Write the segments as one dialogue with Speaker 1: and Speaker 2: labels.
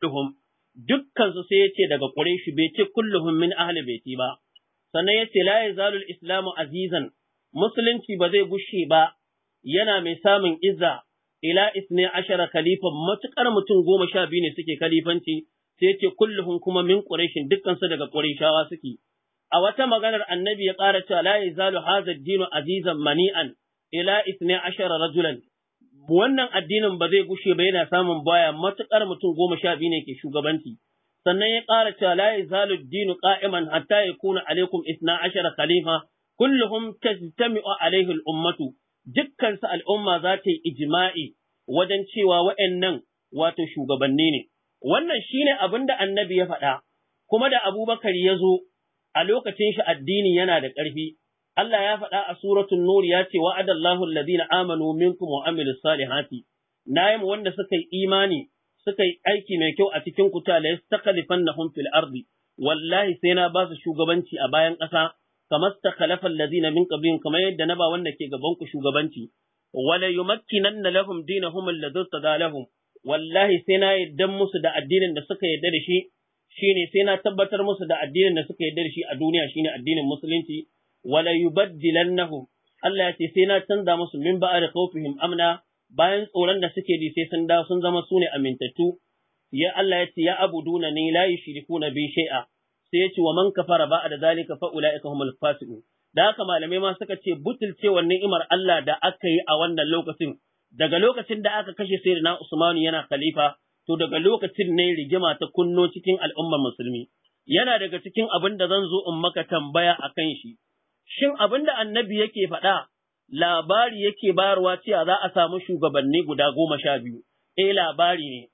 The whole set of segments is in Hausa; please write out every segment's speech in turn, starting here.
Speaker 1: tuhum dukkansu su sai yace daga Quraishi bai ce kulluhum min ahli baiti ba sannan yace la yazalul islamu azizan musulunci ba zai gushe ba yana mai samun izza ila isne ashara kalifan. matukar mutum goma sha biyu ne suke khalifanci sai yace kulluhum kuma min Quraishin dukansu daga Quraishawa suke a wata maganar annabi ya ƙara cewa la yazalu hadha ad-dinu azizan mani'an ila isne ashara rajulan wannan addinin ba zai gushe ba yana samun baya matuƙar mutum goma sha biyu ne ke shugabanci. Sannan ya ƙara cewa la yazalu dinu qa'iman hatta yakuna alaikum isna ashara khalifa kulluhum tajtami'u alaihi al-ummatu dukkan su al'umma za ta yi ijma'i wajen cewa wa'annan wato shugabanni ne. Wannan shine abin da annabi ya faɗa kuma da Abubakar ya zo a lokacin shi addini yana da ƙarfi Allah ya faɗa a suratul Nur ya ce wa'adallahu alladhina amanu minkum wa amilus salihati nayi wanda suka yi imani suka yi aiki mai kyau a cikin ku ta la yastakhlifannahum fil ardi wallahi sai na ba su shugabanci a bayan ƙasa kamar stakhlafa alladhina min qablihim kamar yadda na ba wanda ke gaban ku shugabanci wala yumakkinanna lahum dinahum alladhi tadalahum wallahi sai na yaddan musu da addinin da suka yadda da shi shine sai na tabbatar musu da addinin da suka yadda da shi a duniya shine addinin musulunci wala yubaddilannahum Allah ya ce sai na canza musu min ba'a da khawfihim amna bayan tsoron da suke ji sai sun da sun zama sune amintattu ya Allah ya ce ya abuduna ni la yushrikuna bi shay'a sai ya ce wa man kafara ba'a da zalika fa ulaika humul fasiqun da haka malamai ma suka ce butulcewar ni'imar Allah da aka yi a wannan lokacin daga lokacin da aka kashe sayyidina Usmanu yana khalifa to daga lokacin ne rigima ta kunno cikin al'ummar musulmi yana daga cikin abin da zan zo in maka tambaya akan shi shin abin da annabi yake faɗa labari yake bayarwa cewa za a samu shugabanni guda goma sha biyu, eh labari ne,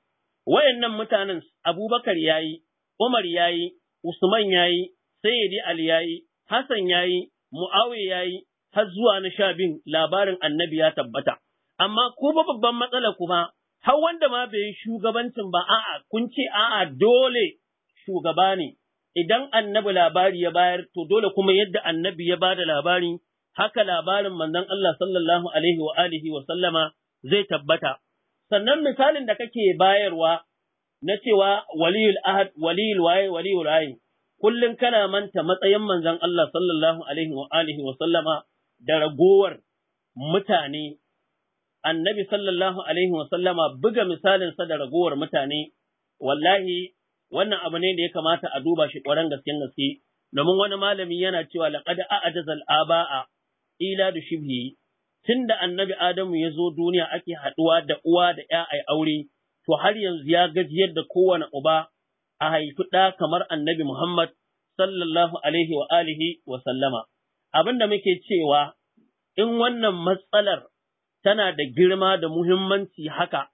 Speaker 1: wayannan mutanen Abubakar ya yi, Umar ya yi, Usman ya yi, Sayyidi Ali ya yi, Hassan ya yi, Mu'awiya ya yi, har zuwa na sha biyun labarin annabi ya tabbata. Amma ko ba babban matsala kuma, har wanda ma bai yi shugabancin ba, a'a, kun ce a'a dole shugaba ne, idan annabi labari ya bayar, to dole kuma yadda annabi ya bada labari, haka labarin manzon Allah sallallahu Alaihi wa alihi wa sallama zai tabbata. Sannan misalin da kake bayarwa na cewa waliyul ahad, waliyul waye, waliyul waye, kullum kana manta matsayin manzon Allah sallallahu Alaihi wa alihi wa sallama da ragowar mutane, annabi sallallahu Alaihi wa sallama buga misalinsa da ragowar mutane, wallahi wannan abu ne da ya kamata a duba shi ƙwaran gaske gaske domin wani malami yana cewa laqad a'jazal aba'a ila da shibhi tunda annabi Adamu ya zo duniya ake haɗuwa da uwa da ƴa ai aure to har yanzu ya gajiyar da kowane uba a haifi ɗa kamar annabi Muhammad sallallahu alaihi wa alihi wa sallama abin muke cewa in wannan matsalar tana da girma da muhimmanci haka,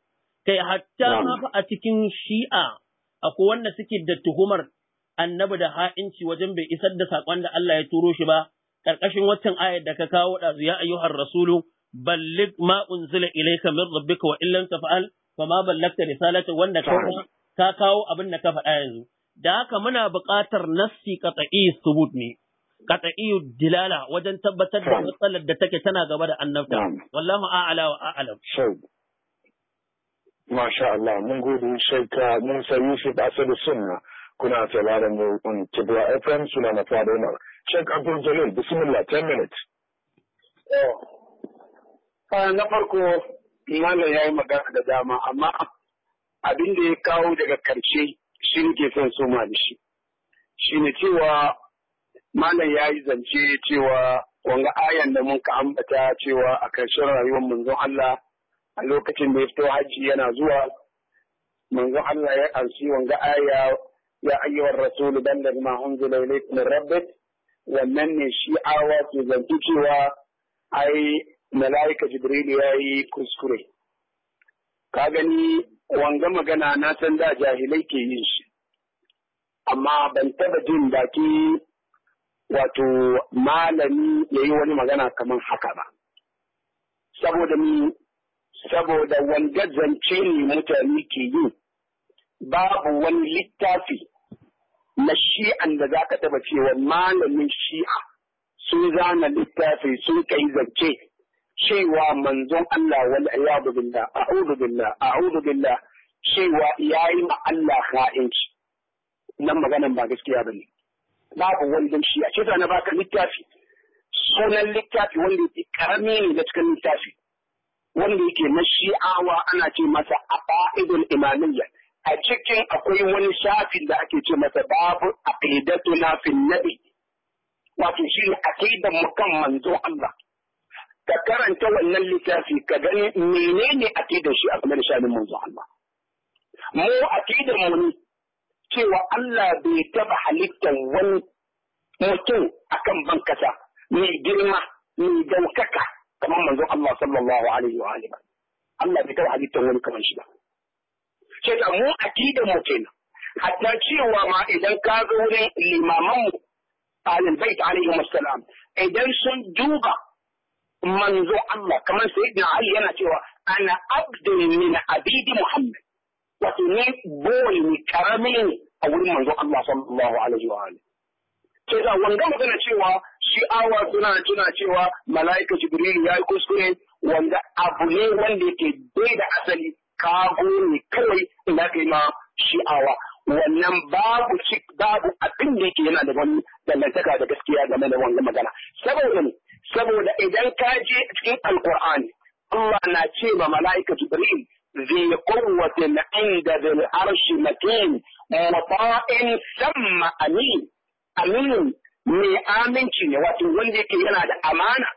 Speaker 1: kai hatta ma a cikin shi'a akwai wanda suke da tuhumar annabi da ha'inci wajen bai isar da saƙon da Allah ya turo shi ba, ƙarƙashin waccan ayar da ka kawo ɗazu ya ayyuhar rasulu, ballig ma unzila ilayka min rabbika wa illam tafa'al fa ma ballagta risalata wanda ka ka kawo abin da ka faɗa yanzu. Da haka muna buƙatar nassi qat'i subut ne. Qat'i dilala wajen tabbatar da matsalar da take tana gaba da annabta. Wallahu a'ala wa a'lam.
Speaker 2: Masha Allah mun gode shaika uh, Musa Yusuf Asadu Sunna kuna sauraron mu on Kibra FM suna na Fada Umar. Sheikh Abdul Jalil bismillah 10 minutes.
Speaker 3: na farko malam ya yi magana da dama amma abin da ya kawo daga karshe shi ne ke son soma da shi. Shi ne cewa malam ya yi zance cewa wanga ayan da mun ka ambata cewa a karshen rayuwar manzon Allah a lokacin da ya fito hajji yana zuwa manzon Allah ya ansi wanga aya ya ayyuhar rasul balligh ma unzila ilayka min rabbik wannan ne shi awa ke zanti cewa ai malaika jibril ya yi kuskure ka gani wanga magana na san da jahilai ke yin shi amma ban taba jin baki wato malami yayi wani magana kamar haka ba saboda ni saboda wanda zance ne mutane ke yi babu wani littafi na shi'an da za ka taba cewa malamin shi'a sun zana littafi sun kai zance cewa manzon Allah Wani a'udhu billah a'udhu billah a'udhu billah cewa yayi ma Allah ha'inci nan maganan ba gaskiya bane babu wani dan shi'a ce na baka littafi sunan littafi wanda yake karami ne na cikin littafi wanda yake na shi'awa ana ce masa a fa'idul imamiyya a cikin akwai wani shafin da ake ce masa babu aqidatu na fil nabi wato shi ne aqidan mu kan manzo Allah ka karanta wannan littafi ka gani menene aqidan shi a kuma da shanin manzo Allah mu aqidan mu ne cewa Allah bai taba halittar wani mutum akan bankasa mai girma mai daukaka kamar manzo Allah sallallahu alaihi wa alihi Allah bai taɓa halittar wani kamar shi ba sai da mu akidan mu kenan hatta cewa ma idan ka zo wurin limaman mu ahlul bait alaihi wassalam idan sun duba manzo Allah kamar sayyidina Ali yana cewa ana abdun min abidi Muhammad wato ni boy ni karami ne a wurin manzo Allah sallallahu alaihi wa alihi sai da wanda magana cewa shi'awa suna tuna cewa mala'ika Jibril ya yi kuskure wanda abu ne wanda yake bai da asali ka ne kawai na kai ma shi'awa. Wannan babu babu abin da yake yana da wani dangantaka da gaskiya game da wannan magana. Saboda ne, saboda idan ka je cikin Alƙur'ani, Allah na ce ma mala'ika Jibril zai ذي قوة ni, ذي العرش مكين san ثم amin, amin. mai aminci ne wato wanda yake yana da amana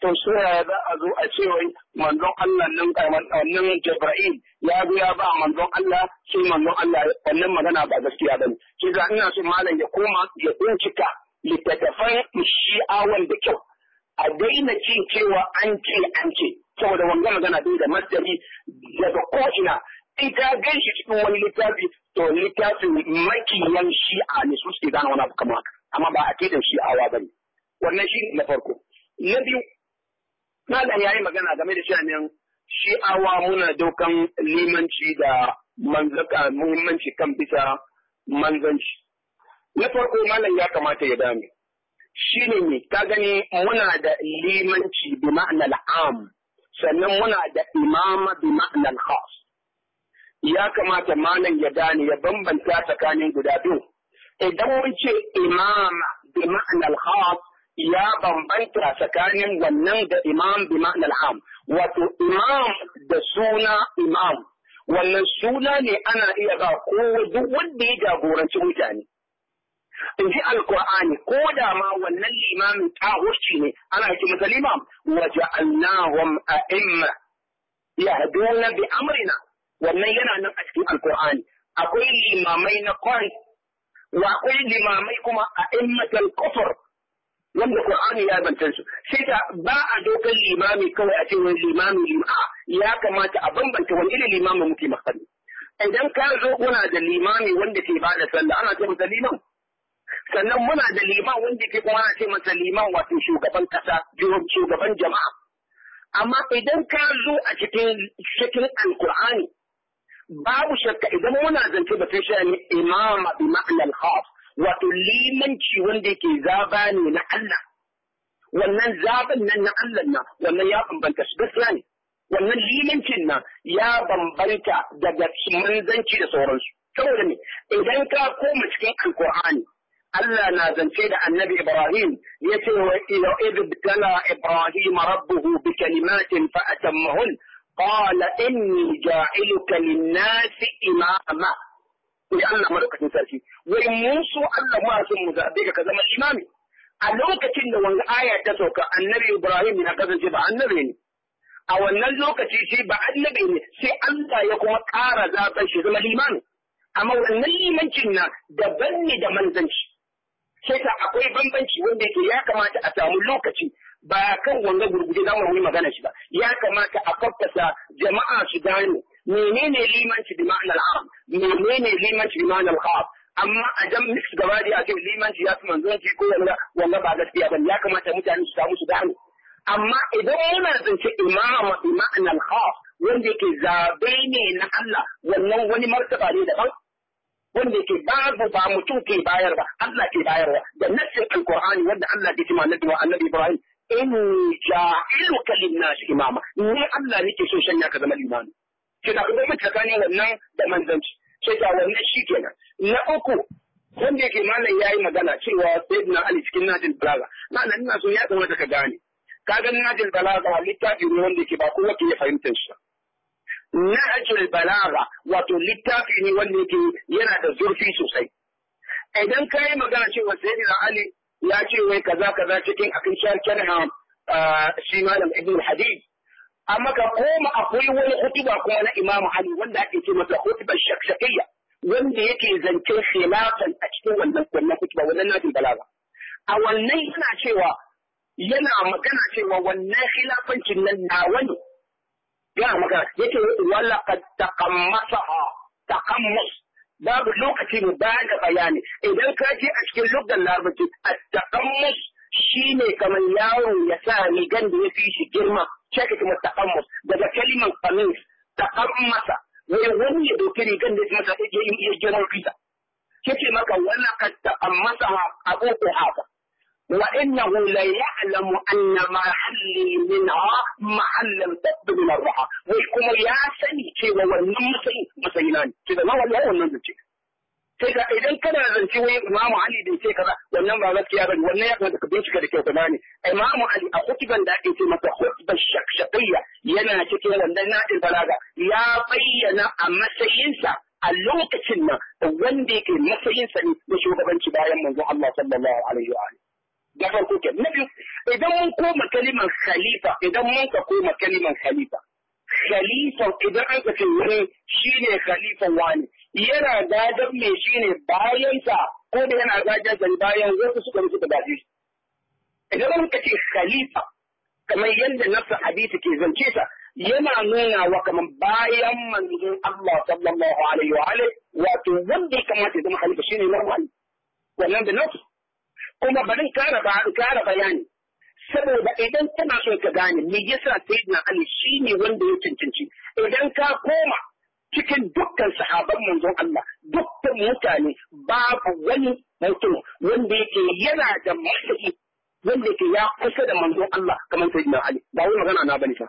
Speaker 3: to so za a zo a ce wai manzon Allah nan wannan Jibril ya zo ya ba manzon Allah sai manzon Allah wannan magana ba gaskiya ba ne shi za ina so malam ya koma ya bincika littattafan shi'awan da kyau a daina jin cewa an ce an ce saboda wanga magana dai da masdari daga ko'ina in ka gan shi cikin wani littafi to littafin makiyan shi'a ne su suke gane wani abu kamar haka amma ba a awa shi'awa ne. wannan shi na farko na biyu ya yayi magana game da shanin shi'awa muna dokan limanci da manzaka muhimmanci kan bisa manzanci na farko malam ya kamata ya dame shi ne ne ka gani muna da limanci bi ma'anar am sannan muna da imama bi ma'anar khas ya kamata malam ya gane ya bambanta tsakanin guda biyu idan mun ce imama bi ma'anar khas ya bambanta tsakanin wannan da imam bi ma'anar ham wato imam da suna imam wannan suna ne ana iya ba ko duk wanda ya jagoranci mutane in ji alkur'ani ko da ma wannan limamin tahurci ne ana ce masa limam wa ja'alnahum a'imma yahduna bi amrina wannan yana nan a cikin alkur'ani akwai limamai na kwarai wa akwai limamai kuma a immatal kufur wanda Qur'ani ya bantansu. su sai ta ba a dokan limami kawai a ce wani limami lim'a ya kamata a bambanta wani irin limami muke masani idan ka zo kuna da limami wanda ke ba da sallah ana ce masa liman sannan muna da liman wanda ke kuma ana ce masa liman wato shugaban kasa shugaban jama'a amma idan ka zo a cikin cikin alkur'ani babu shakka idan muna zance batun sha'anin imama bi ma'anar khas wato limanci wanda yake zaba ne na Allah wannan zaɓin nan na Allah na wannan ya bambanta su gaskiya ne wannan limancin nan ya bambanta daga manzanci da sauransu saboda ne idan ka koma cikin alkur'ani Allah na zance da annabi Ibrahim ya ce wa ila idh tala Ibrahim rabbuhu bi kalimatin fa atammahun قال إني جاعلك للناس إماما in Allah madaukakin sarki wai mun so Allah ma sun mu zabe ka zama imami a lokacin da wanga aya ta sauka annabi Ibrahim ya kasance ba annabi ne a wannan lokaci shi ba annabi ne sai Allah ya kuma ƙara zaben shi zama limami amma wannan limancin na daban ne da manzanci sai akwai bambanci wanda ke ya kamata a samu lokaci ba kan wanga gurguje za mu yi magana shi ba ya kamata a kwaftasa jama'a su gane menene limanci bi ma'anar am menene limanci bi ma'anar khaf amma a dan mix gaba da ake limanci ya fi manzonci ko wanda wanga ba gaskiya ba ya kamata mutane su samu su gane
Speaker 1: amma idan muna
Speaker 3: zance imama bi ma'anar khaf wanda yake zabe ne na Allah wannan wani martaba ne daban wanda ke babu ba mutum ke bayar ba Allah ke bayarwa da nassin alqur'ani wanda Allah ke cewa annabi Ibrahim inni ja'iluka kalin nasu imama ni Allah nake so sanya ka zama limami kina ga mutum tsakanin wannan da manzanci sai ga wannan shikenan na uku wanda yake malam ya yi magana cewa sayyidina ali cikin Najil balaga malam ina so ya da ka gane ka ga najin balaga littafi ne wanda yake ba kowa ke fahimtar shi
Speaker 1: Najil balaga
Speaker 3: wato littafi ne wanda yake yana da zurfi sosai idan ka yi magana cewa sayyidina ali yace ce wai kaza kaza cikin akan sharkenham shi malam ibn hadid amma ka koma akwai wani hutuba kuma na imam ali wanda ake ce masa hutubar shakshakiyya wanda yake zance khilafan a cikin wannan wannan hutuba wannan nafin balaga a wannan yana cewa yana magana cewa wannan khilafancin nan na wani yana magana yake wala qad taqammasa taqammas babu lokaci mu ba da bayani idan ka je a cikin lugan larabci a taƙammus shi ne kamar yawon ya sa ni gan da ya fi shi girma cikin kuma taƙammus daga kalimar famis taƙammasa wai wani ya ɗauki rigan da ya masa ya girma fita. Kike maka wani ka taƙammasa a ƙoƙo haka. وإنه ليعلم أن محلي منها محل تبدو من الرحى ويكون ياسني كيف هو النمسي مسيناني كيف هو الله هو النمسي كيف إذن كان ينسي وي إمام علي بن سيكرا والنمع ذات كيابا وانا يقول لك بيش كاري كيف تماني إمام علي أخطبا لكي في متخطب الشكشقية ينا شكي واندنا البلاغة يا بينا أمسينسا اللوكتنا واندي كي مسينسا نشوف بنتي بايا منذ الله صلى الله عليه وآله da farko ke na biyu idan mun koma kalimar khalifa idan mun ka koma kalimar khalifa khalifan idan an ka ce wani shine khalifan wani yana gadar mai shine bayansa ko da yana gadar da bayan wasu suka mutu da gaji idan mun ka ce khalifa kamar yadda nafsa hadisi ke zance ta yana nuna wa kamar bayan manzon Allah sallallahu alaihi wa alihi wato wanda ya kamata ya zama khalifa shine Umar wannan da nafsu kuma bari kara kara bayani saboda idan tana so ka gane me yasa sayyidina ali shine wanda ya cancanci idan ka koma cikin dukkan sahaban manzon Allah dukkan mutane babu wani mutum wanda yake yana da matsayi wanda yake ya kusa da manzon Allah kamar sayyidina ali ba wai magana na bane fa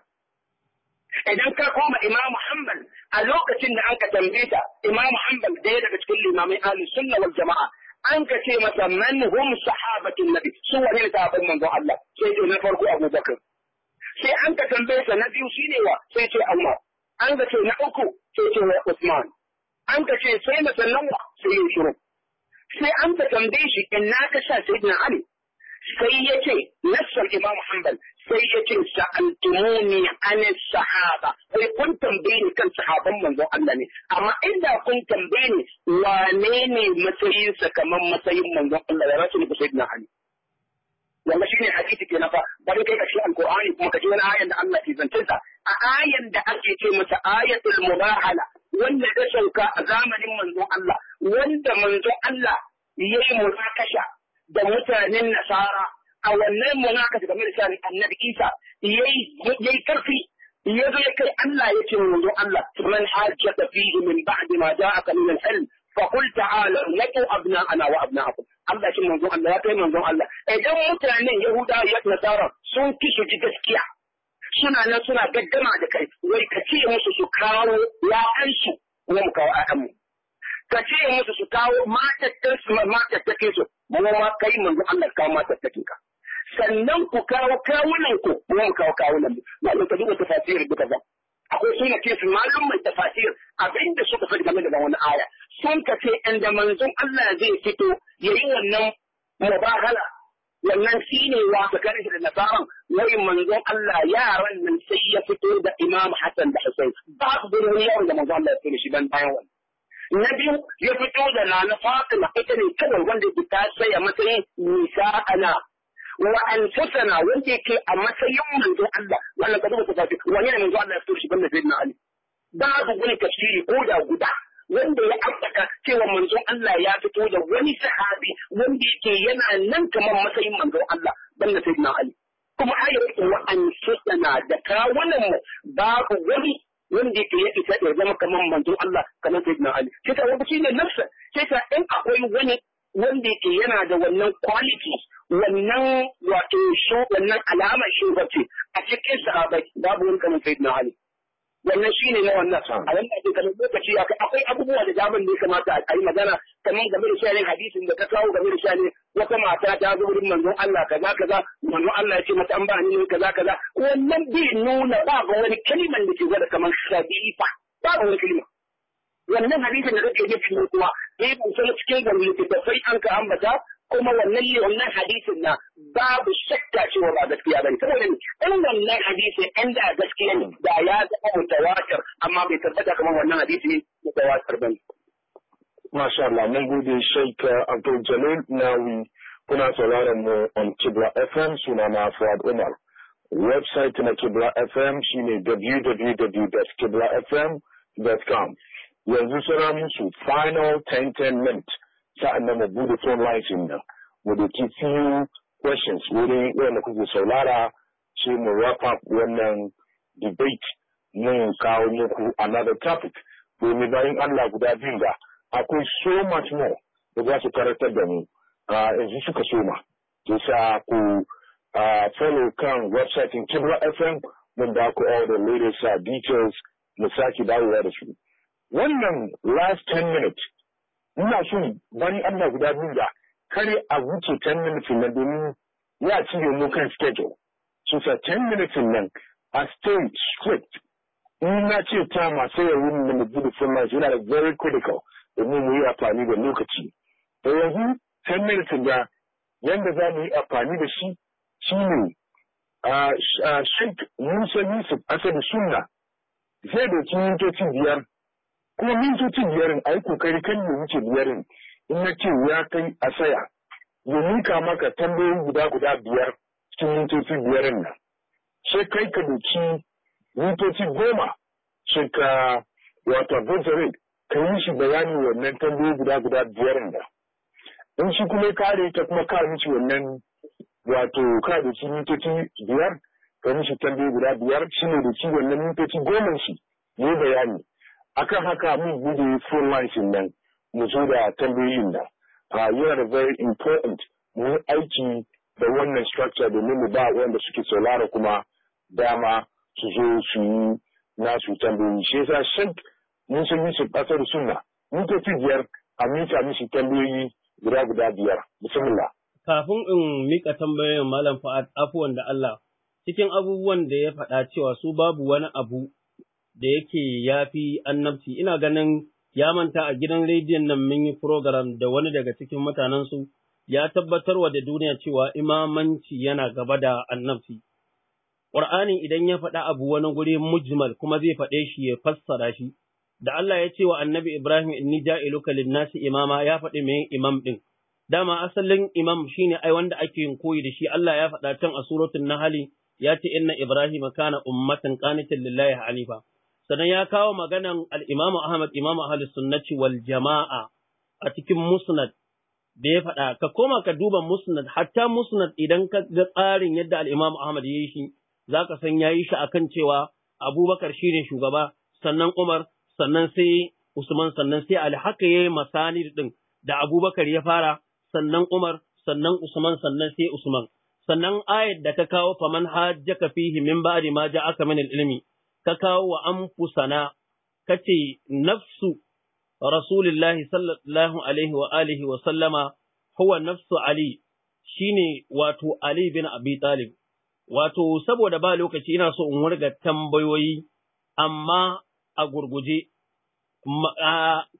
Speaker 3: idan ka koma Imam Muhammad a lokacin da aka tambaye ta Imam Muhammad daya daga cikin limamai ahli sunna wal jama'a an ka ce masa man hum sahabatun nabi su wani ne sahabban manzon Allah sai ce na farko Abu Bakar sai an ka tambaye sa na biyu shine wa sai ce Umar an ka ce na uku sai ce wa Usman an ka ce sai na sannan wa sai ya shiru sai an ka tambaye shi in ka sha sayyidina Ali sai ya ce nassar Imam Hanbal sai ya ce sa'altumuni an sahaba wai kun tambaye ni kan sahaban manzon Allah ne amma inda kun tambaye ni wane ne matsayin sa kamar matsayin manzon Allah ya rasu ne ku sayyidina Ali wanda shi ne hadisi ke nafa bari kai kashi alqur'ani kuma kaji wani ayan da Allah ke zance sa a ayan da ake ce masa ayatul mubahala wanda ta sauka a zamanin manzon Allah wanda manzon Allah ya yi mulakasha da mutanen nasara a wannan munaka game da shani annabi isa ya yi karfi ya zo ya kai Allah ya ce wanzu Allah man hajjata fihi min ba'di ma ja'aka min al-ilm fa qul ta'ala natu abna'ana wa abna'akum Allah shi manzon Allah ya kai manzon Allah idan mutanen Yahuda ya nasara sun ki su ji gaskiya suna nan suna gaggama da kai wai ka ce musu su kawo la'ansu ko mu kawo a'anmu ka ce musu su kawo matattakin su matattakin su mu ma kai manzon Allah kawo matattakin ka sannan ku kawo kawunan ku mu kawo kawunan mu malam ka duba tafasir duka ba akwai suna ce su malum mai tafsir abinda suka fadi game da wannan aya sun ka ce inda manzon Allah zai fito yayi wannan mubahala wannan shine wa ne kare shi da nasaran wai manzon Allah yaran nan sai ya fito da Imam Hassan da Hussein ba su gurin yawan da manzon Allah ya fito shi ban bayan wani na ya fito da Nana Fatima ita ne kawai wanda ta tsaya matsayin nisa ana wa anfusana wanda yake a matsayin manzon Allah wannan ka duba ku tafi wani ne manzon Allah ya fito shi banda sayyidina Ali babu wani tafsiri ko da guda wanda ya ambata cewa manzon Allah ya fito da wani sahabi wanda yake yana nan kamar matsayin manzon Allah banda sayyidina Ali kuma ayyuka wa anfusana da kawunan mu babu wani wanda yake ya isa ya zama kamar manzon Allah kamar sayyidina Ali sai ta wani shine nafsa sai ta in akwai wani wanda yake yana da wannan quality wannan wato shu wannan alamar shugabanci a cikin sahabai babu wani kamar na hali. wannan shi ne na wannan a wannan ake kamar lokaci akwai abubuwa da daman da ya kamata a yi magana kamar game da shanin hadisin da ta kawo game da shanin wata mata ta zo wurin manzon Allah kaza kaza manzon Allah ya ce mata an ba ni kaza kaza wannan bai nuna ba ga wani kaliman da ke gwada kamar shabifa ba ga wani kaliman. wannan hadisin da kake yi cikin kuma eh ban san cikin gari da sai an ka ambata kuma wannan ne wannan hadisin na babu shakka cewa ba gaskiya bane saboda in wannan hadisi an da gaskiya ne da ya zama mutawatir amma bai tabbata kamar wannan hadisi mutawatir bane
Speaker 2: Masha Allah, mun gode Sheikh Abdul Jalil Nawi kuna sauraron mu on Kibla FM suna na Fuad Umar. Website na Kibla FM shine www.kiblafm.com. Yanzu sura musu final 10-10 minutes. sa'annan mu bude phone lines din nan mu doki few questions wurin wanda kuke saulara sai mu wrap up wannan debate mun kawo muku another topic domin bayan Allah guda biyun ga akwai so much more da za su karantar da mu yanzu suka soma sa ku follow kan website in Kibra FM mun da ku all the latest uh, details mu sake dawowa da su wannan last 10 minutes ina shin wani Allah guda biyu da kare a wuce 10 minutes nan domin ya ci mu kan schedule so sa 10 minutes nan a stay strict ina ce ta masu yawon da mu gudu sun yana da very critical domin mu yi amfani da lokaci da yanzu 10 minutes da yanda za mu yi amfani da shi shi ne Sheikh Musa Yusuf Asadu Sunna zai doki mintoci biyar kuma mintoci biyarin a yi kokari kan ya wuce biyarin in na ce ya kai a saya ya nika maka tambayoyi guda guda biyar cikin mintoci biyarin nan sai kai ka doki mintoci goma sai ka wato adventure ka yi shi bayani wannan tambayoyi guda guda biyar da in shi kuma kare ta kuma ka mishi wannan wato ka shi mintoci biyar ka yi shi tambayoyi guda biyar shi ne da shi wannan mintoci goma shi ne bayani akan haka mun gudu phone line nan mu zo da tambayoyin da ah, yana da very important mu aiki da wannan structure domin mu ba wanda suke saurara kuma dama su zo su yi nasu tambayoyi shi yasa shan mun san yi su sunna mun tafi biyar a mika mishi tambayoyi guda guda biyar bismillah
Speaker 1: kafin in mika tambayoyin malam fa'ad afuwan da Allah cikin abubuwan da ya faɗa cewa su babu wani abu da yake ya fi annabci ina ganin ya manta a gidan rediyon nan mun yi program da wani daga cikin mutanensu ya tabbatar wa da duniya cewa imamanci yana gaba da annabci Ƙur'ani idan ya faɗa abu wani guri mujmal kuma zai faɗe shi ya fassara shi, da Allah ya ce wa annabi Ibrahim inni ja'iluka lin-nasi imama ya faɗi mai imam ɗin. Dama asalin imam shine ai wanda ake yin koyi da shi Allah ya faɗa can a na hali ya ce inna Ibrahim kana ummatan qanitan lillahi hanifa. sannan ya kawo maganan al-Imam Ahmad Imam Ahlus Sunnati wal Jama'a a cikin Musnad da ya faɗa ka koma ka duba Musnad hatta Musnad idan ka ga tsarin yadda al Ahmad ya yi shi Za ka san ya yi shi akan cewa Abubakar shine shugaba sannan Umar sannan sai Usman sannan sai Ali haka yayi masanid din da Abubakar ya fara sannan Umar sannan Usman sannan sai Usman sannan ayat da ta kawo faman hajjaka fihi min ba'di ma ja'aka min al-ilmi ka kawo wa ka kace nafsu Rasulullahi sallallahu alaihi wa alihi wa sallama huwa nafsu ali shine wato ali bin abi talib wato saboda ba lokaci ina so in wurga tambayoyi amma a gurguje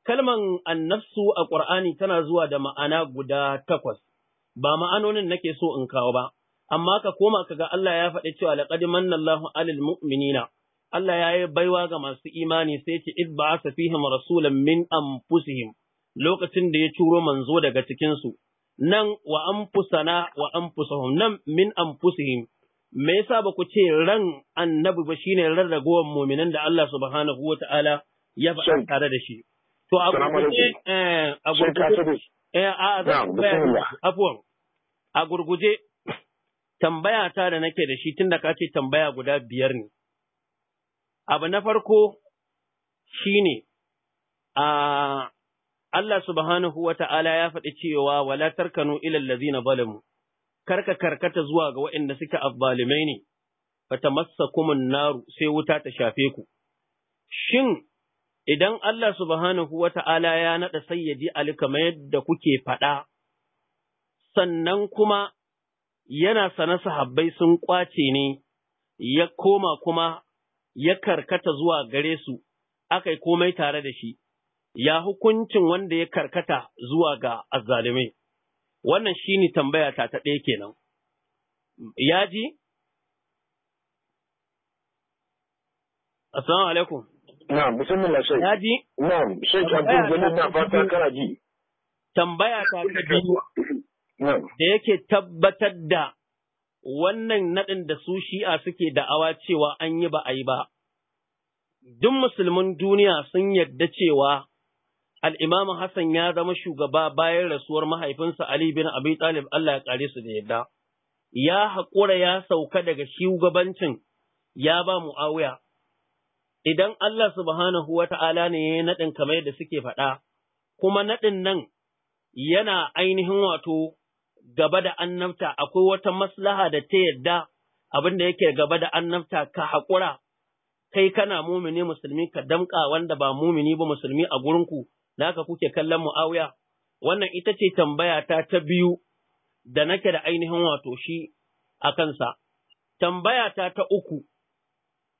Speaker 1: kalman an-nafsu a ƙur'ani tana zuwa da ma'ana guda takwas ba ma'anonin nake so in kawo ba amma ka koma kaga Allah ya faɗi cewa laqad manna Allahu alil mu'minina Allah ya yi baiwa ga masu imani sai ce id ba asa fihim rasulan min anfusihim lokacin da ya turo manzo daga cikinsu nan wa anfusana wa anfusuhum nan min anfusihim me yasa ba ku ce ran annabi ba shine ran ragowar mu'minan da Allah subhanahu wata'ala ya faɗa tare da shi to a gurguje eh abu ne eh a eh, afwan a gurguje tambaya ta da nake da shi tunda ka ce tambaya guda biyar ne Abu na farko shi ne, Allah subhanahu wa ta'ala ya faɗi cewa wala tarkanu ilal lazina balamu, karka karkata zuwa ga waɗanda suka abbalimai ne, fata massa kumin naru sai wuta ta shafe ku. Shin, idan Allah subhanahu wa ta'ala ya naɗa sayyadi Ali kamar yadda kuke faɗa, sannan kuma yana sana sahabbai sun ƙwace ne, ya koma kuma ya karkata zuwa gare su aka yi komai tare da shi, ya hukuncin wanda ya karkata zuwa ga azzalumai. Wannan shi ne tambaya ta ta ɗaya kenan. Ya ji? Assalamu alaikum. Na, musamman na shai. Ya ji? Na, shai kyanfin gani na fata kara ji. Tambaya ta ta biyu. Da yake tabbatar da wannan naɗin da su shi'a suke da'awa cewa an yi ba a yi ba, duk musulmin duniya sun yadda cewa al'imamu Hassan ya zama shugaba bayan rasuwar mahaifinsa Ali bin Abi Talib Allah ya ƙare su da yadda, ya haƙura ya sauka daga shugabancin ya ba mu'awiya. Idan Allah subhanahu wa ta'ala ne ya yi naɗin kamar yadda suke faɗa, kuma naɗin nan yana ainihin wato gaba da annabta akwai wata maslaha da ta yadda abin da yake gaba da annabta ka haƙura kai kana mumini musulmi ka damƙa wanda ba mumini ba musulmi a gurinku da haka kuke kallon mu'awiya wannan ita ce tambaya ta biyu da nake da ainihin wato shi a kansa Tambayata ta ta uku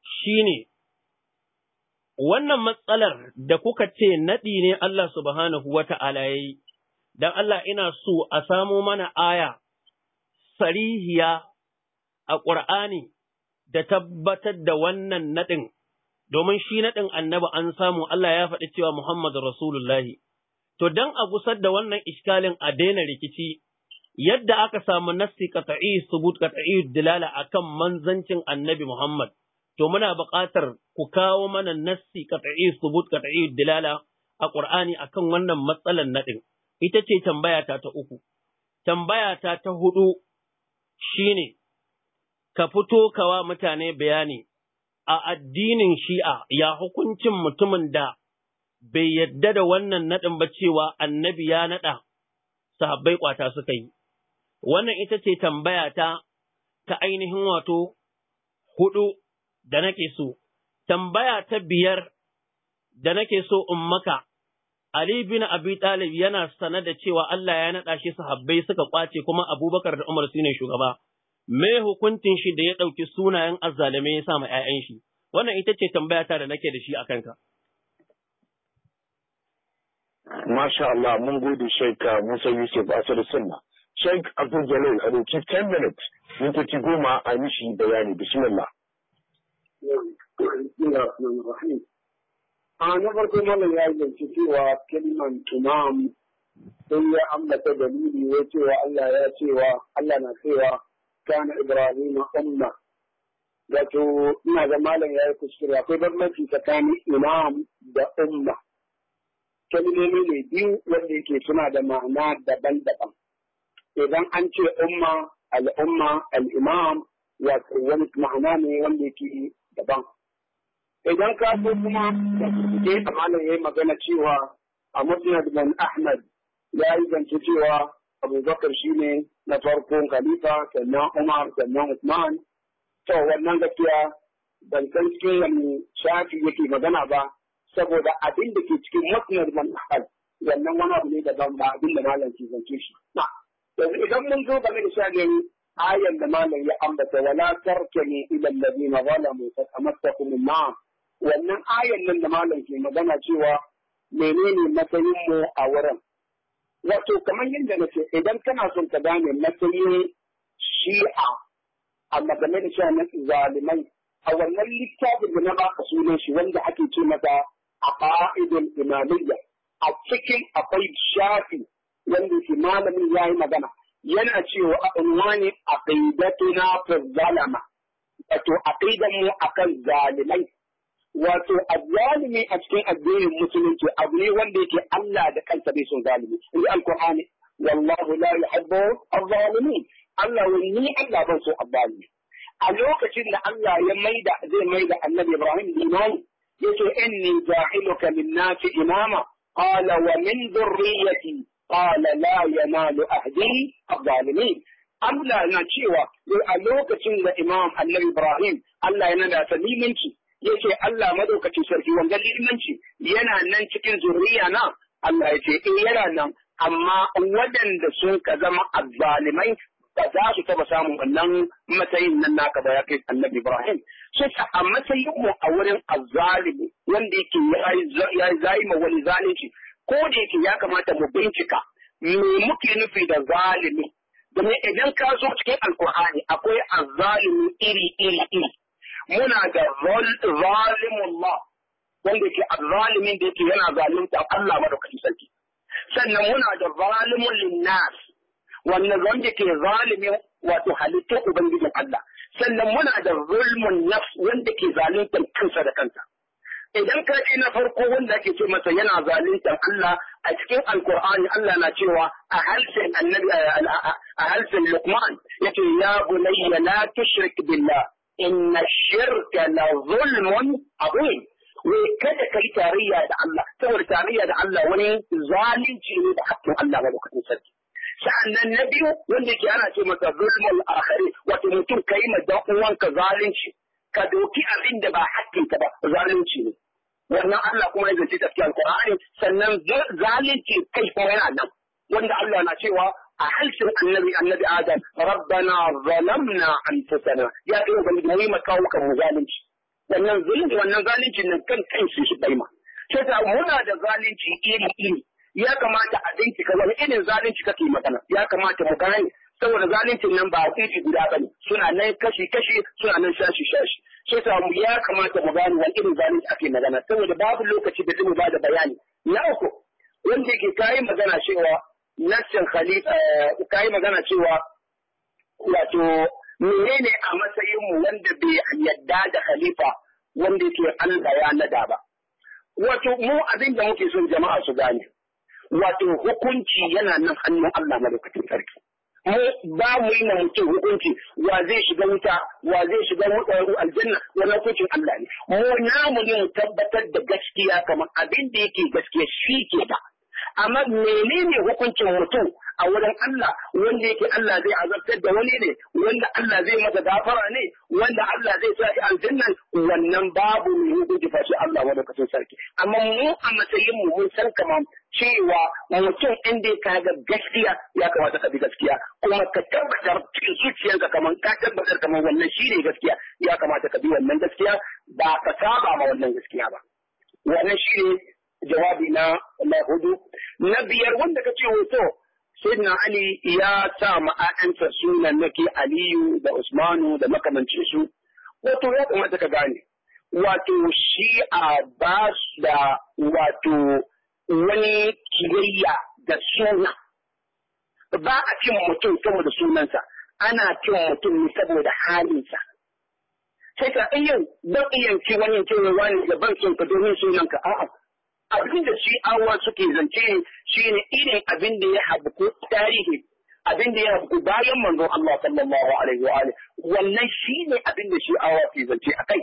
Speaker 1: shine wannan matsalar da kuka ce naɗi ne Allah subhanahu wa ta'ala ya yi dan Allah ina so a samo mana aya sarihiya a Ƙur'ani da tabbatar da wannan naɗin, domin shi naɗin annabi an samu Allah ya faɗi cewa Muhammadu Rasulullahi. To, don a gusar da wannan iskalin a daina rikici, yadda aka samu nassi kata'i subut kata'i dilala akan manzancin annabi Muhammad, to muna buƙatar ku kawo mana nassi kata'i subut kata'i dilala a Ƙur'ani akan wannan matsalan naɗin. ita ce tambayata ta uku. Tambayata ta hudu shi ne, ka fito ka kawa mutane bayani a addinin shi'a ya hukuncin mutumin da bai yadda da wannan naɗin ba cewa annabi ya naɗa sahabbai kwata suka yi. Wannan ita ce tambayata ta ainihin wato huɗu da nake so, tambaya ta biyar da nake so in maka Ali bin Abi Talib yana sanar da cewa Allah ya naɗa shi sahabbai suka kwace kuma Abubakar da Umar su ne shugaba. Me hukuncin shi da ya ɗauki sunayen azzalumai ya sa ma ‘ya'yan shi? Wannan ita ce tambaya ta da nake da shi a kanka.
Speaker 2: Masha Allah, mun gode Sheikh Musa Yusuf Asadu Sunna. Sheikh Abdul Jalil, a roki 10 minutes, mintoci goma a mishi bayani, bismillah.
Speaker 3: a na farko malam ya zance cewa kalman tumam sai ya ambata dalili ya cewa Allah ya cewa Allah na cewa kana Ibrahim umma wato ina ga malam ya yi kuskure akwai bambanci tsakanin imam da umma kalmomi ne biyu wanda yake suna da ma'ana daban-daban idan an ce umma al'umma al'imam wato wani ma'ana ne wanda yake daban idan ka so kuma da kuke da malam yayi magana cewa a musnad ibn ahmad ya yi zance cewa abu abubakar shine na farkon khalifa sannan umar sannan usman to wannan gaskiya ban san cikin wani shafi yake magana ba saboda abin da ke cikin musnad ibn ahmad wannan wani abu ne daban ba abin da malam ke zance shi yanzu idan mun zo game da shagari ayan da malam ya ambata wala tarkani ila alladhina zalamu fa tamattakum an
Speaker 1: wannan ayan nan da malam
Speaker 3: ke magana cewa menene matsayin mu a wurin wato kamar yadda na ce idan kana son ka gane matsayin
Speaker 1: shi'a
Speaker 3: a maganin da cewa na zalimai a wannan littafin da na ka sunan shi wanda ake ce mata a fa'idin imamiyya a cikin akwai shafi wanda ke malamin ya yi magana yana cewa a unwani aqidatuna fi zalama wato ne mu akan zalimai wato azalimi a cikin addinin musulunci abu ne wanda yake Allah da kansa bai son zalimi in alqur'ani wallahu la yuhibbu adh-dhalimin Allah wani Allah ban so azzalimi a lokacin da Allah ya maida zai maida annabi Ibrahim imam yace inni ja'iluka lin-nasi imama qala wa min dhurriyyati qala la yanalu ahdi adh-dhalimin Allah na cewa a lokacin da imam annabi Ibrahim Allah yana da salimanci yake Allah madaukacin sarki wanga limanci yana nan cikin zuriya na Allah ya ce eh, yana nan amma waɗanda sun ka zama azzalimai ba za su taba samun wannan matsayin nan naka ba ya kai annabi Ibrahim sai a matsayin mu a wurin azzalimi wanda yake ya yi ma wani zalunci ko da yake ya kamata mu bincika me muke nufi da zalimi domin idan ka zo cikin alkur'ani akwai azzalimi iri iri iri muna da zalimullah wanda ke azzalimin da yake yana zalunta Allah madaukakin sarki sannan muna da zalimun linnas wanda wanda ke zalimin wato halittar ubangijin Allah sannan muna da zulmun nafs wanda ke zaluntar kansa da kanta. idan ka ji na farko wanda ake ce masa yana zaluntar Allah a cikin alkur'ani Allah na cewa a halsin annabi a halsin Luqman yake ya bunayya la tushrik billah ان الشرك لظلم عظيم وكذا كيتارية تاريا دع الله تقول تاريا دع وني ظالم شيء دعك الله ولو كنت سد سأن النبي وني كأنا كما ظلم الآخر وتموتون كيما دعوان كظالم شيء كدوكي أبين دبا حتى تبا ظالم شيء وانا الله كما يزيد في القرآن سنن ظالم شيء كيف وين عدم وانا الله ناشي a harshen annabi annabi adam rabbana zalamna anfusana ya kai ubangiji mu yi makawo kan mu zalunci wannan zulmi wannan zalunci nan kan kan shi shi baima sai ta muna da zalunci iri iri ya kamata a bincika wani irin zalunci kake magana ya kamata mu gane saboda zaluncin nan ba titi guda ba ne suna nan kashi kashi suna nan shashi shashi sai ta mu ya kamata mu gane wani irin zalunci ake magana saboda babu lokaci da zai ba da bayani na uku wanda ke kayi magana cewa nassin khalifa eh, ka yi magana cewa wato menene a matsayinmu wanda bai yadda da khalifa wanda yake Allah ya nada ba. Wato mu abin da muke son jama'a su gane. Wato hukunci yana nan hannun Allah madaukakin sarki. Mu ba mu yi na mutum hukunci wa zai shiga wuta wa zai shiga aljanna wani hukuncin Allah ne. Mu namu ne mu tabbatar da gaskiya kamar abin da yake gaskiya shi ke ba. amma menene hukuncin mutum a wurin Allah wanda yake Allah zai azabtar da wani ne wanda Allah zai masa gafara ne wanda Allah zai sa shi aljannan wannan babu ne ya guji fashi Allah wa lokacin sarki amma mu a matsayin mu mun san kamar cewa mutum inda ka ga gaskiya ya kamata ka bi gaskiya kuma ka tabbatar cikin zuciyarka kamar ka tabbatar kamar wannan shine gaskiya ya kamata ka bi wannan gaskiya ba ka saba ma wannan gaskiya ba wannan shine jawabi na na hudu na biyar wanda ka kace hoto Sayyidina Ali ya sa ma'a'ansa sunan nake Aliyu da Usmanu da makamancin su wato ya kamata ka gane wato shi'a ba su da wato wani kiyayya da suna ba a cin mutum saboda sunansa ana cin mutum ne saboda halinsa sai ka iya don iya ci wani cewa wani da ban son ka domin sunanka a'a abin da shi awa suke zance shi ne irin abin da ya haɓuku tarihi abin da ya haɓuku bayan manzo Allah sallallahu alaihi wa alihi wannan shi ne abin da shi awa ke zance a kai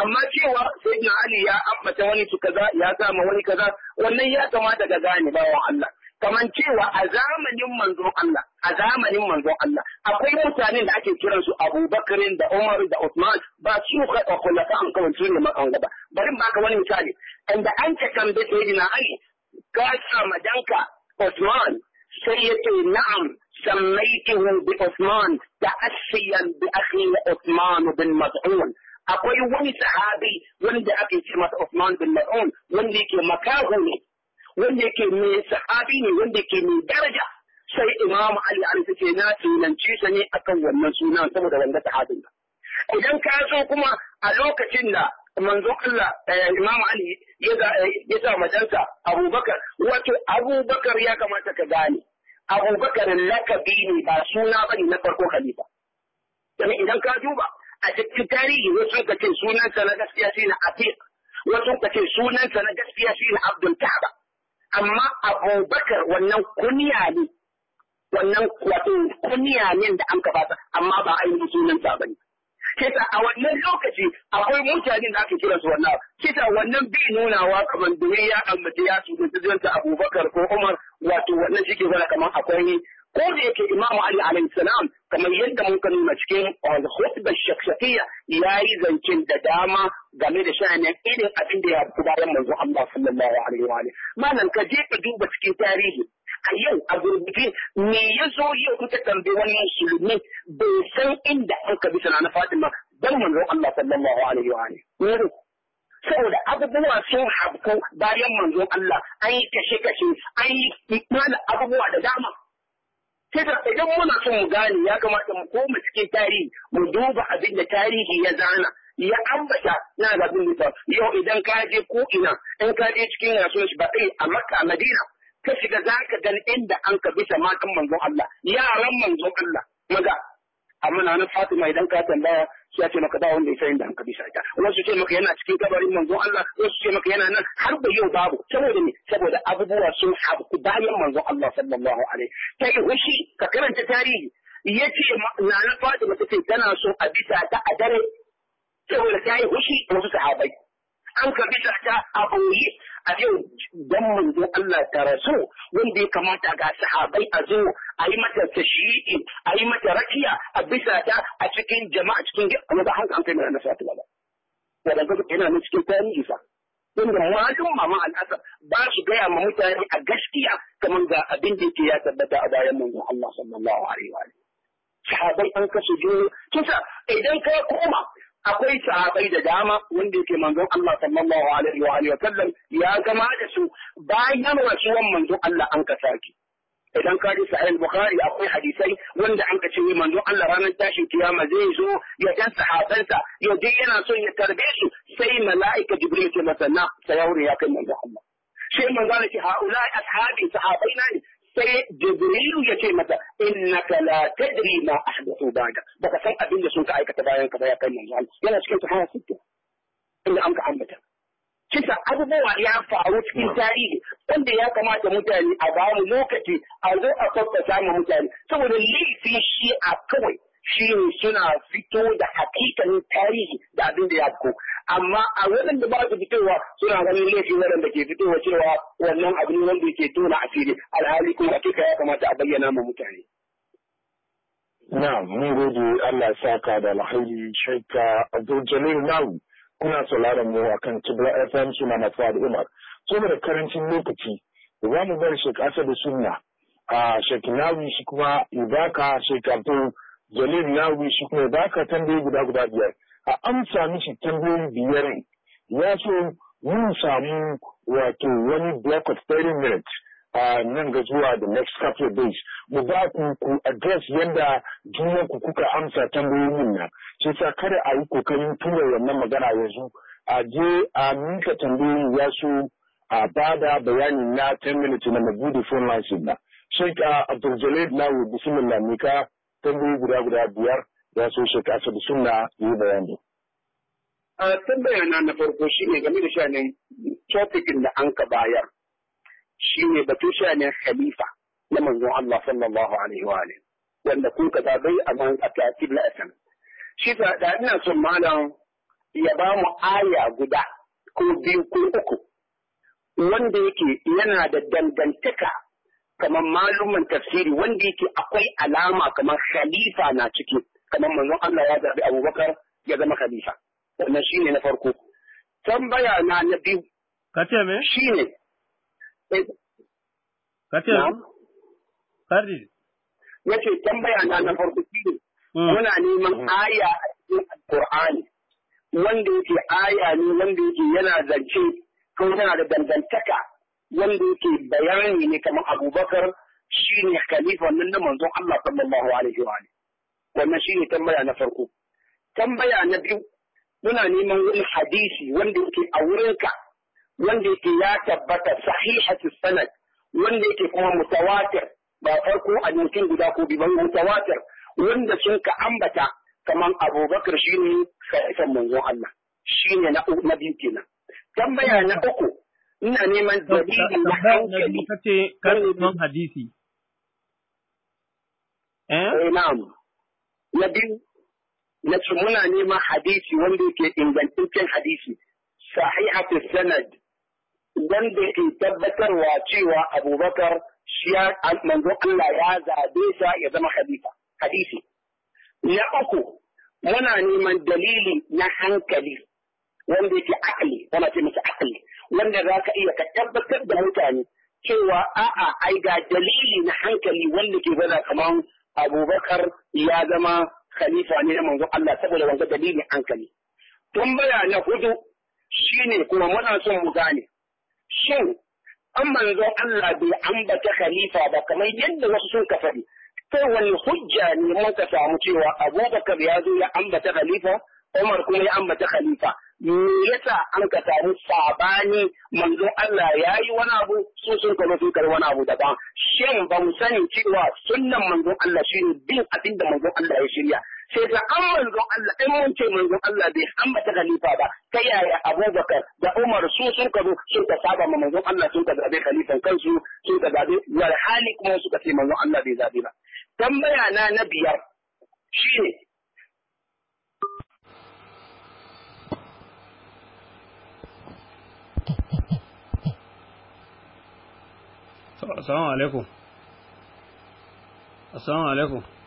Speaker 3: amma cewa sai na Ali ya ambata wani su kaza ya sama wani kaza wannan ya kamata ga gane bawan Allah kaman cewa a zamanin manzon Allah a zamanin manzon Allah akwai mutanen da ake kiran su Abu da Umar da Uthman ba su ka kullata an kawance ne makan gaba bari ba ka wani misali inda an ka tambaye sayyidina Ali ka sa madanka Usman sai ya ce na'am sammaituhu bi Usman ta'assiyan bi akhi Usman bin Mas'ud akwai wani sahabi wanda ake ce masa Usman bin Mas'ud wanda yake makaho ne wanda yake mai sahabi ne wanda yake mai daraja sai Imam Ali alaihi ce na tunanci sa ne akan wannan sunan saboda wanda sahabin idan ka so kuma a lokacin da Manzo Allah eh, Imam Ali ya eh, sa matarsa Abubakar wato Abubakar ya kamata ka gane Abubakar lakabi ne ba suna ba ne na farko khalifa sannan idan ka duba a cikin tarihi wasu ka ce sunansa na gaskiya shine Atiq wasu ka ce sunansa na gaskiya shine Abdul Kaaba amma Abubakar wannan kunya ne wannan wato kunya ne da an ka basa amma ba ainihin sunansa bane kisa a wannan lokaci akwai mutanen da aka kira su wannan kisa wannan bi nunawa kamar duri ya ambaci ya su da Abubakar ko Umar wato wannan shi ke gwada kamar akwai ko da yake Imam Ali alaihi salam kamar yadda mun kan nuna cikin al-khutba shakshakiyya yayi zancen da dama game da sha'anin irin abin da ya bayan manzo Allah sallallahu alaihi wa malam ka je ka duba cikin tarihi A yau a gurgurfi me ya zo ya kuka tambi wannan shirme bai san inda an ka bisa na Fatima dan manzo Allah sallallahu alaihi wa alihi saboda abubuwa sun habku bayan manzo Allah an yi kashe kashe an yi mana abubuwa da dama Kisa idan muna son mu gane ya kamata mu koma cikin tarihi mu duba abin da tarihi ya zana ya ambata na zaɓin mutum yau idan ka je ko ina in ka je cikin yasun shi ba a makka madina ka shiga za ka gan inda an ka bisa matan manzon Allah yaran manzon Allah maza amma na nan Fatima idan ka tambaya shi ya ce maka ba wanda ya san inda an ka bisa ta wasu ce maka yana cikin kabarin manzon Allah wasu ce maka yana nan har da yau babu saboda ne saboda abubuwa sun habku bayan manzon Allah sallallahu alaihi ta ihushi ka karanta tarihi yace na na Fatima ce tana so a bisa ta a dare saboda ta yi hushi wasu sahabai an ka bisa a ɓoye a yau don manzo Allah ta rasu wanda ya kamata ga sahabai a zo a yi mata tashri'i a yi mata rakiya a bisa ta a cikin jama'a cikin gaba hanka an kai mai annasa ta gaba wadanda yana cikin tarihi fa. wanda malum mama al'asar ba su gaya ma mutane a gaskiya kamar ga abin da yake ya tabbata a bayan manzo Allah sallallahu alaihi wa sahabai an kasu jini kisa idan ka koma akwai sahabai da dama wanda yake manzon Allah sallallahu alaihi wa alihi wa sallam ya gama da su bayan rasuwan manzon Allah an ka saki idan ka ji sahih bukhari akwai hadisai wanda an ka ce manzon Allah ranar tashin kiyama zai zo ya dan sahabansa ya je yana son ya tarbe su sai mala'ika jibril ke masa na sayauri ya kai manzon Allah sai manzon Allah ce haula ashabi sahabai na ne جبريل يتي متى انك لا تدري ما احدث بعد بقى سن ابن سنك ايك تباين كذا يا كان يعني يلا شكل تحا ستة ان امك عمتا كيف ابو يا فاو في تاريخ عند يا كما تمتاني ابا لوكتي ازو اكو تسامو متاني سبب اللي في شيء اكوي shi ne suna fito da hakikanin tarihi da abin da ya fito amma a da ba su fitowa suna ganin laifin waɗanda ke fitowa cewa wannan abin wanda yake tona asiri alhali kuma hakika ya kamata
Speaker 2: a bayyana ma mutane. Na, mun gode Allah saka da alhaji Shaika Abdul Jalil Nawu kuna sauraron mu akan Kibra FM suna na Fuad Umar. da karancin lokaci, za mu bar shekasa da Sunna, a Sheikh shi kuma Ibaka Sheikh jalil nawi shi kuma ba ka tambayi guda guda biyar a amsa mishi tambayoyin biyar ya so mun samu wato wani block of 30 minutes a nan ga zuwa the next couple of days mu ba ku ku address yadda junan ku kuka amsa tambayoyin nan shi sa kada a yi kokarin tura wannan magana yanzu a je a mika tambayoyin ya so a bada bayani na 10 minutes na mabudi phone line shi na Sheikh Abdul Jalil Lawi bismillah mika tambayi guda guda biyar ya su shi kasa da suna yi bayani.
Speaker 3: A tambayar na na farko shi ne game da shanin topikin da an ka bayar shi ne batun shanin khalifa na manzon Allah sallallahu alaihi wa alihi wanda kun ka zabai a man a tafi na asan. Shi ta da ina son malam ya ba mu aya guda ko biyu ko uku wanda yake yana da dangantaka kamar malumin tafsiri wanda yake akwai alama kamar khalifa na ciki kamar manzon Allah ya zaɓi Abubakar ya zama khalifa wannan shine na farko tambaya na na biyu ka ce me shine eh.
Speaker 1: ka ce Kardi.
Speaker 3: Yace tambaya na na farko shine
Speaker 1: hmm. muna neman hmm. aya
Speaker 3: a cikin Qur'ani wanda yake aya ne wanda yake yana zance ko yana da dangantaka wanda yake bayani ne kamar abubakar shi ne khalifa nan na manzon Allah sallallahu alaihi wa wannan shi ne tambaya na farko tambaya na biyu muna neman wani hadisi wanda yake a wurinka wanda yake ya tabbata sahihatu sanad wanda yake kuma mutawatir ba farko a yankin guda ko biyu ba mutawatir wanda sun ka ambata kamar abubakar shi ne khalifa manzon Allah shi ne na biyu kenan tambaya na uku ina neman dalilin da hankali
Speaker 1: ka hadisi eh? eh
Speaker 3: na'am na biyu na ce muna neman hadisi wanda yake ingantaccen hadisi sahihatu sanad wanda ke tabbatarwa cewa abubakar shi ya manzo Allah ya zabe sa ya zama hadisi na uku muna neman dalili na hankali wanda yake akali, wanda ce masa wanda za ka iya ka tabbatar da mutane cewa a'a ai ga dalili na hankali wanda ke gwada kamar abubakar ya zama khalifa ne na manzon Allah saboda wanda dalilin hankali. Tambaya na hudu shine kuma muna son mu gane. Shin an manzon Allah bai ambata khalifa ba kamar yadda wasu sun ka faɗi. Sai wani hujja ne muka samu cewa Abubakar ya zo ya ambata khalifa, Umar kuma ya ambata khalifa. me yasa an ka samu sabani manzon Allah ya yi wani abu su sun karo sun karo wani abu daban shin ba mu sani cewa sunnan manzon Allah shi ne bin abin da manzon Allah ya shirya sai da an manzon Allah in mun ce manzon Allah bai ambata khalifa ba ta yaya Abubakar da Umar su sun karo sun ka saba ma manzon Allah sun ka zaɓe khalifan kansu sun ka zaɓe? wal hali kuma suka ce manzon Allah bai zaɓe ba tambaya na na biyar ne.
Speaker 1: Assalamu alaikum. Assalamu alaikum.